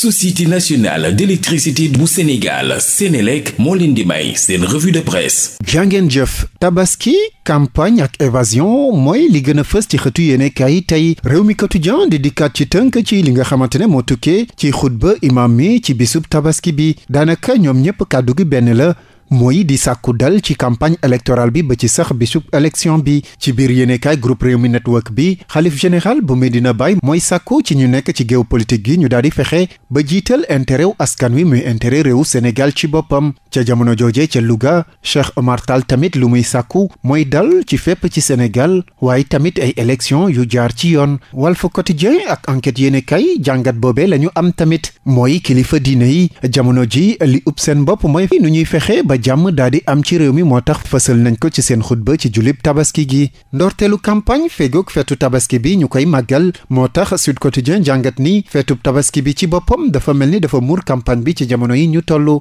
société nationale d'électricité bu Sénégal Sénélec moo leen di may seen revue de presse jàngeen jëf tabaski campagne ak évasion mooy li gën a fës ci xëtu yéene kaay tey réew mi quotidien di dikkaat ci tënk ci li nga xamante ne moo tukkee ci xutba imam mi ci bisub tabaski bi daanaka ñoom ñëpp kàddu gi benn la mooy di sàkku dal ci campagne électorale bi ba ci sax bi bisub élection bi ci biir yéenekaay groupe Rewmi Network bi xalif général bu dina Baye mooy sàkku ci ñu nekk ci géopolitique gi ñu daal di fexe ba jiital intérêt wu askan wi muy intérêt réewu Sénégal ci boppam ca jamono jooje ca Louga Cheikh Omar tamit lu muy sàkku mooy dal ci fépp ci Sénégal waaye tamit ay élection yu jaar ci yoon Walf Quotidien ak enquête yéene kay jàngat boobee la ñu am tamit mooy kilifa diine yi jamono ji li ub seen bopp mooy nu ñuy fexe ba jàmm daal di am ci réew mi moo tax fësal nañ ko ci seen xutba ci julib tabaski gi ndorteelu campagne fegoog feetu tabaski bi ñu koy màggal moo tax Sud Quotidien jàngat ni feetub tabaski bi ci boppam dafa mel ni dafa muur campagne bi ci jamono yi ñu toll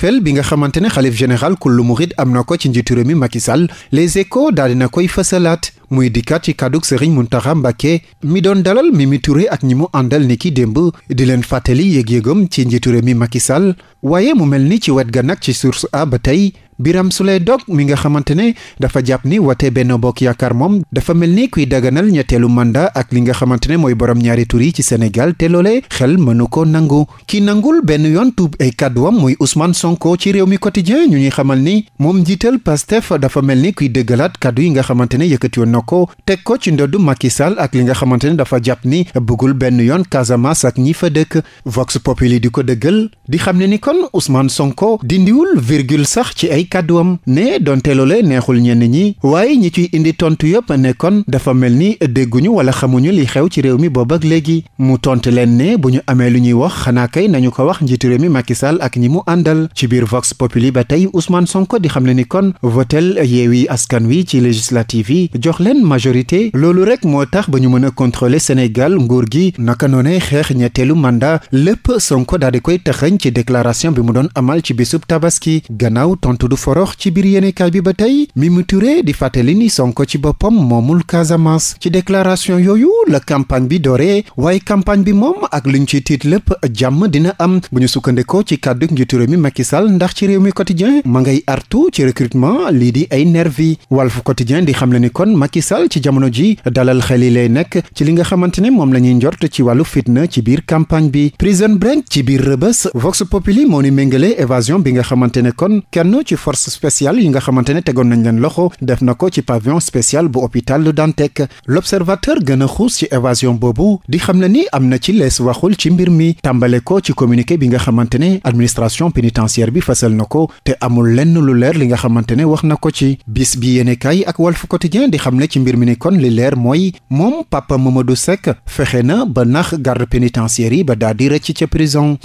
cofeel bi nga xamante ne xalif général kullu murid am na ko ci njiitu réew mi Macky Sall les échos daal dina koy fësalaat muy dikkaat ci kàddug Serigne Mountakha Mbacké mi doon dalal Mimi Touré ak ñi mu àndal ni ki démb di leen fàttali yëg-yëgam ci njiitu réew mi Macky Sall waaye mu mel ni ci wet ga nag ci source a ba tey Birame Souleye Diop mi nga xamante ne dafa jàpp ni wote benn Bokk Yaakaar moom dafa mel ni kuy daganal ñetteelu mandat ak li nga xamante ne mooy borom ñaari tur yi ci Sénégal te loolee xel mënu ko nangu kii nangul benn yoon tuub ay kàdduwam mooy Ousmane Sonko ci réew mi quotidien ñu ñuy xamal ni moom njiital Pastef dafa mel ni kuy dëggalaat kàddu yi nga xamante ne yëkkati na ko teg ko ci ndoddu Macky Sall ak li nga xamante ne dafa jàpp ni bëggul benn yoon Casamance ak ñi fa dëkk Vox Populi di ko dëggal di xam ne ni kon Ousmane Sonko dindiwul virgule sax ci ay kàdduwam ne donte loole neexul ñenn ñi waaye ñi ciy indi tontu yëpp nekkoon dafa mel ni dégguñu wala xamuñu li xew ci réew mi boobu ak léegi mu tontu leen ne bu ñu amee lu ñuy wax xanaa kay nañu ko wax njiitu réew mi Macky Sall ak ñi mu àndal ci biir Vox Populi ba tey Ousmane Sonko di xam ne ni kon votel Yewwi Askan Wi ci législative yi jox leen majorité loolu rek moo tax ba ñu mën a contrôler Sénégal nguur gi naka noone xeex ñetteelu mandat lépp Sonko daal di koy taxañ ci déclaration bi mu doon amal ci bisub tabaski gannaaw tontu forox ci biir yéenekaay bi ba tey Mimi Touré di fàttali ni Sonko ci boppam moomul Casamance ci déclaration yooyu la campagne bi dooree waaye campagne bi moom ak ñu ci tiit lépp jàmm dina am bu ñu sukkandikoo ci kàddu njiitu réew mi Macky Sall ndax ci réew mi quotidien ma ngay artu ci recrutement lii di ay nervi Walf Quotidien di xam le ni kon Macky Sall ci jamono ji dalal xel yi lay nekk ci li nga xamante ne moom la ñuy njort ci wàllu fitna ci biir campagne bi prison break biir rëbës Vox Populi moo ni forces spéciales yi nga xamante ne tegoon nañ leen loxo def na ko ci pavillon spécial bu hôpital lu Dantec l'observateur gën a xuus ci évasion boobu di xam ne ni am na ci lees waxul ci mbir mi tàmbale ko ci communiqué bi nga xamante administration pénitentiaire bi fasal na ko te amul lenn lu leer li nga xamante ne wax na ko ci bis bi yéene ak ak Walf Quotidien di xam ne ci mbir mi ni kon li leer mooy moom Papa Mamadou Seck fexe na ba nax garde pénitentiaire yi ba daal di rëcc ca prison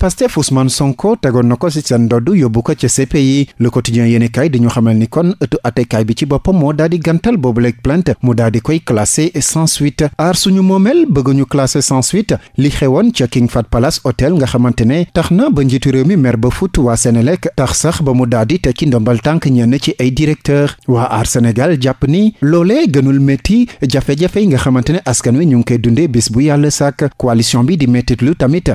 Pastef Ousmane Sonko tegoon na ko ci seen ndodd yóbbu ko ca CPI le quotidien yéenekaay di ñu xamal ni kon ëttu attekaay bi ci boppam moo daal di gantal boobu leeg plainte mu daal di koy classé sans suite aar suñu moomeel bëgg ñu classé sans suite li xewoon ca King Fat Palace hôtel nga xamante ne tax na ba njiitu réew mi mer ba fut waa Sénélec tax sax ba mu daal di tekki ndombal tànk ñenn ci ay directeur waa aar Sénégal jàpp ni loolee gënul métti jafe-jafe yi nga xamante ne askan wi ñu ngi koy dundee bis bu yàlla sàkk coalition bi di métti lu tamit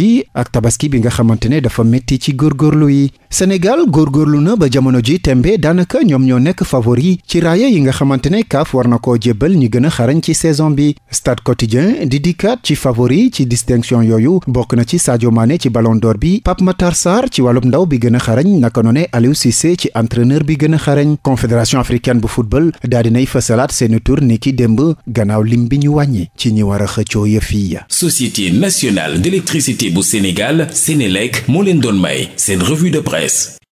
bi ak tabaski bi nga xamante ne dafa metti ci góorgóorlu yi Sénégal góor góorlu na ba jamono ji tembe daanaka ñoom ñoo nekk favori ci raaya yi nga xamante ne CAF war na koo jébbal ñi gën a xarañ ci saison bi Stade Quotidien di dikkaat ci favori ci distinction yooyu bokk na ci Sadio Mané ci Ballon d'Or bi ma Matar Sarr ci wàllub ndaw bi gën a xarañ naka noone Aliou Cissé ci entraîneur bi gën a xarañ Confédération africaine bu football daa dinay fësalaat seeni tur ni ki démb gannaaw lim bi ñu wàññi ci ñi war a xëccoo yëf yi Société nationale d'électricité bu Sénégal Sénélec moo leen doon may AES